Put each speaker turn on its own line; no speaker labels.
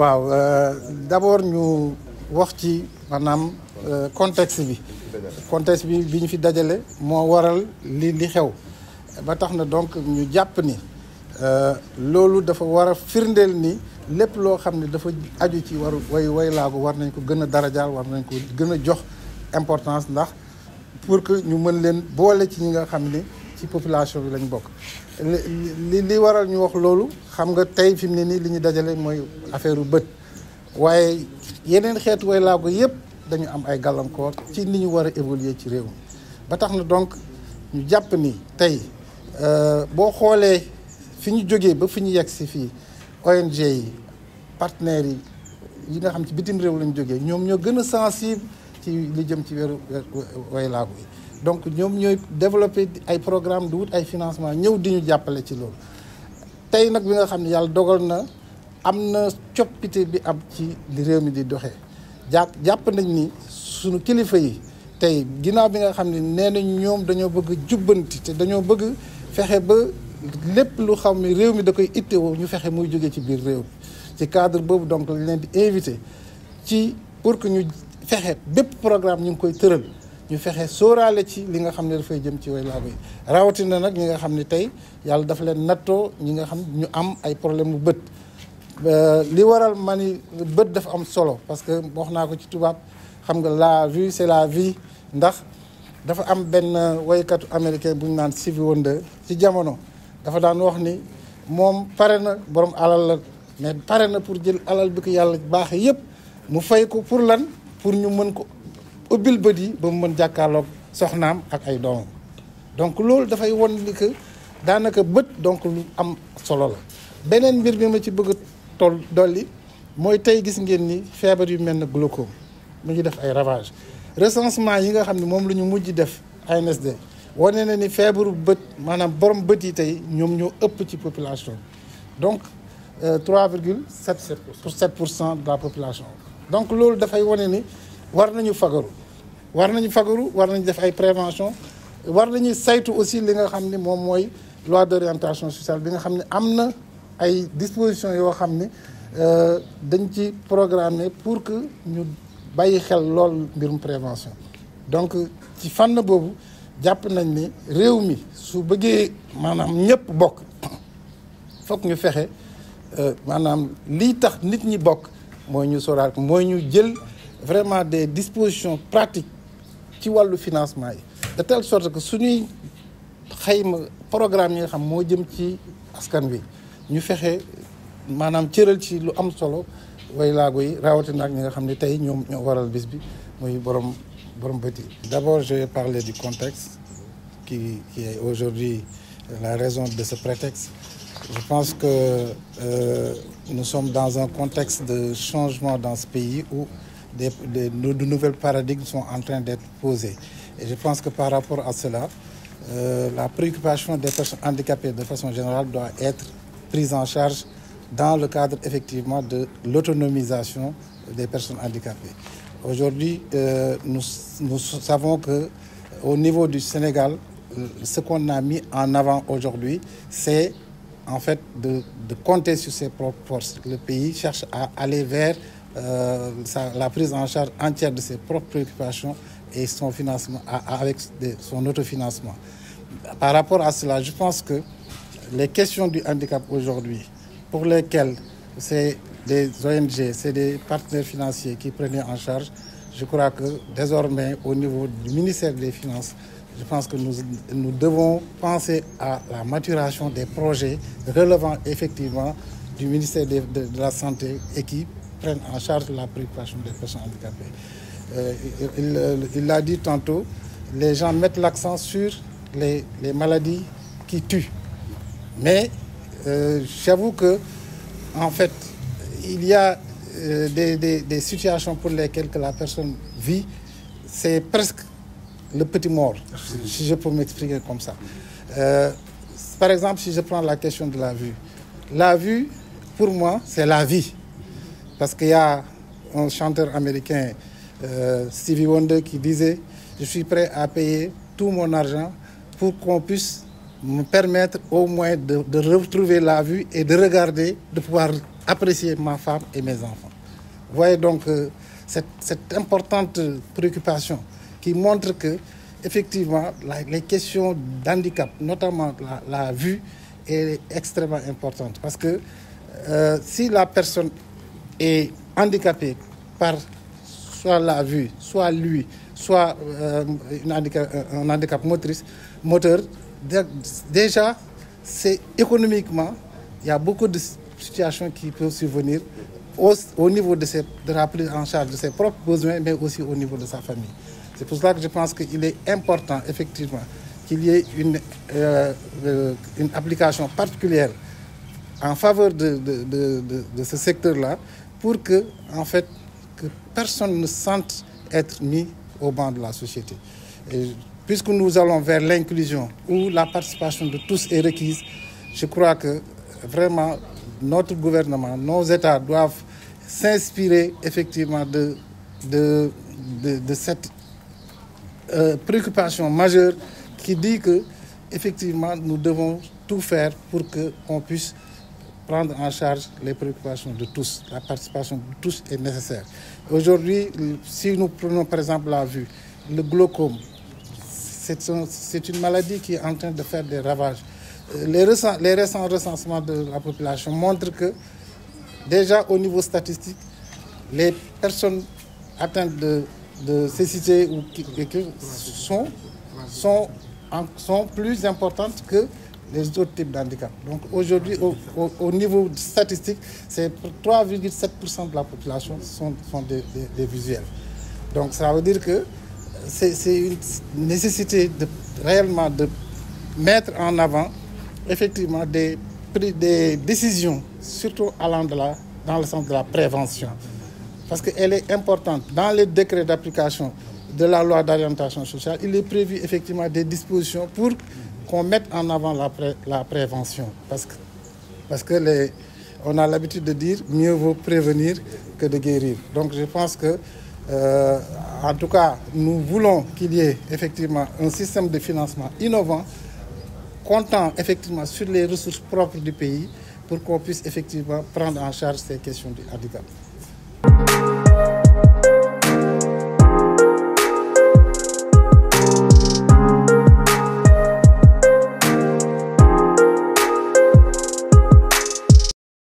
waaw euh, d'abord ñu wax ci maanaam euh, contexte bi contexte bi bi ñu fi dajale moo waral li li xew ba tax na donc ñu jàpp ni euh, loolu dafa war a firndeel ni lépp loo xam ne dafa aju ci waru way way laago war nañ ko gën a darajaal war nañ ko gën a jox importance ndax pour que ñu mën leen boole ci ñi nga xam ne ci population bi lañ bokk li li waral ñu wax loolu xam nga tey fi mu ne nii li ñu dajale mooy affaire u bët waaye yeneen xeetu way laago yëpp dañu am ay gàllankoor ci li ñu war a évoluer ci réew mi ba tax na donc ñu jàpp ni tey euh, boo xoolee fi ñu jógee ba fi ñu yegg si fii ONG yi partenaires yi yi nga xam ci bitim réew lañu jógee ñoom ñoo gën a sensible ci li jëm ci weeru way laago yi donc ñoom ñooy développé ay programme di wut ay financement ñëw di ñu jàppale ci loolu tey nag bi nga xam ne yàlla dogal na am na coppite bi ab ci réew mi di doxee jàpp jàpp nañ ni sunu kilifa yi tey ginnaaw bi nga xam ne nee nañ ñoom dañoo bëgg jubbanti te dañoo bëgg fexe ba lépp lu xaw mi réew mi da koy ittewoo ñu fexe muy jóge ci biir réew mi ci cadre boobu donc lañ leen di invité ci pour que ñu fexe bépp programme ñu ngi koy tëral ñu fexe sóoraale ci li nga xam ne dafay jëm ci way laa yi rawatina nag ñi nga xam ni tey yàlla dafa leen nattoo ñi nga xam ñu am ay problème mu bët li waral ma ni bët dafa am solo parce que wax naa ko ci tubaab xam nga la vue c'est la vie ndax dafa am benn woykatu américain bu ñu naan Stevie Wonder ci jamono dafa daan wax ni moom pare na borom alal la mais pare na pour jël alal bi ko yàlla baax yépp mu fay ko pour lan pour ñu mën ko ubbil bët yi ba mu mën jàkkaarloog soxnaam ak ay doomam donc loolu dafay won ni que daanaka bët donc lu am solo la beneen mbir bi ma ci bëgg a toll dolli mooy tey gis ngeen ni feebar yu mel ne glaucome mu ngi def ay ravage recensement yi nga xam ne moom la ñu mujj def ANSD wane na ni feebaru bët maanaam borom bët yi tey ñoom ñoo ëpp ci population donc 3 euh, virgule 7 pour 7 pour cent de population donc loolu dafay wane ni war nañu fagaru war nañu fagaru war nañu def ay prévention war nañu saytu aussi li nga xam ni moom mooy loi d'orientation sociale bi nga xam ne am na ay disposition yoo xam ni euh, dañ ci programme pour que ñu bàyyi xel lool mbirum prévention donc ci fànn boobu jàpp nañ ni réew mi su bëggee maanaam ñëpp bokk fokk ñu fexe euh, maanaam lii tax nit ñi bokk mooy ñu sóoraal mooy ñu jël vraiment des dispositions pratique ci wàllu financement yi de telle sorte que suñuy xayma programme yi nga xam moo jëm ci askan wi ñu fexe maanaam cëral ci lu am solo way laago yi rawatina ak ñi nga xam ni tey ñoom ñoo waral bis bi muy borom borom bët yi d'abord je vais parler du contexte qui qui est aujourd'hui la raison de ce prétexte je pense que euh, nous sommes dans un contexte de changement dans ce pays où des, des, de nouvelles paradigmes sont en train d'être posées. Et je pense que par rapport à cela, euh, la préoccupation des personnes handicapées de façon générale doit être prise en charge dans le cadre effectivement de l'autonomisation des personnes handicapées. Aujourd'hui, euh, nous, nous, savons que au niveau du Sénégal, euh, ce qu'on a mis en avant aujourd'hui, c'est en fait de, de compter sur ses propres forces. Le pays cherche à aller vers euh, sa, la prise en charge entière de ses propres préoccupations et son financement avec de, son autofinancement. Par rapport à cela, je pense que les questions du handicap aujourd'hui, pour lesquelles c'est des ONG, c'est des partenaires financiers qui prenaient en charge, je crois que désormais, au niveau du ministère des Finances, je pense que nous, nous devons penser à la maturation des projets relevant effectivement du ministère de, de, de la Santé et qui prennent en charge la préoccupation des personnes handicapées. Euh, il l'a dit tantôt, les gens mettent l'accent sur les, les, maladies qui tuent. Mais euh, j'avoue que, en fait, il y a euh, des, des, des, situations pour lesquelles que la personne vit, c'est presque le petit mort, si je peux m'exprimer comme ça. Euh, par exemple, si je prends la question de la vue, la vue, pour moi, c'est la vie. Parce qu'il y a un chanteur américain, euh, Stevie Wonder, qui disait Je suis prêt à payer tout mon argent pour qu'on puisse me permettre au moins de, de, retrouver la vue et de regarder, de pouvoir apprécier ma femme et mes enfants. Vous voyez donc euh, cette, cette, importante préoccupation qui montre que, effectivement, la, les questions d'handicap, notamment la, la, vue, est extrêmement importante. Parce que euh, si la personne est handicapé par soit la vue, soit lui, soit euh, une handicap, euh, un handicap motrice, moteur, déjà, c'est économiquement, il y a beaucoup de situations qui peuvent survenir au, niveau de, ses, de en charge de ses propres besoins, mais aussi au niveau de sa famille. C'est pour cela que je pense qu'il est important, effectivement, qu'il y ait une, euh, euh une application particulière en faveur de, de, de, de, de ce secteur-là pour que, en fait, que personne ne sente être mis au banc de la société. Et puisque nous allons vers l'inclusion où la participation de tous est requise, je crois que vraiment notre gouvernement, nos États doivent s'inspirer effectivement de, de, de, de cette euh, préoccupation majeure qui dit que effectivement nous devons tout faire pour qu'on puisse prendre en charge les préoccupations de tous. La participation de tous est nécessaire. Aujourd'hui, si nous prenons par exemple la vue, le glaucome, c'est une maladie qui est en train de faire des ravages. Euh, les, récents, les récents recensements de la population montrent que déjà au niveau statistique, les personnes atteintes de, de cécité ou qui, qui sont, sont, sont plus importantes que des autres types d'handicap. Donc aujourd'hui, au, au, au, niveau statistique, c'est 3,7% de la population sont, sont des, des, des, visuels. Donc ça veut dire que c'est une nécessité de, réellement de mettre en avant effectivement des, des décisions, surtout allant dans le sens de la prévention. Parce qu'elle est importante. Dans les décrets d'application de la loi d'orientation sociale, il est prévu effectivement des dispositions pour qu'on mette en avant la, pré, la prévention. Parce que, parce que les, on a l'habitude de dire mieux vaut prévenir que de guérir. Donc je pense que, euh, en tout cas, nous voulons qu'il y ait effectivement un système de financement innovant, comptant effectivement sur les ressources propres du pays pour qu'on puisse effectivement prendre en charge ces questions de handicap.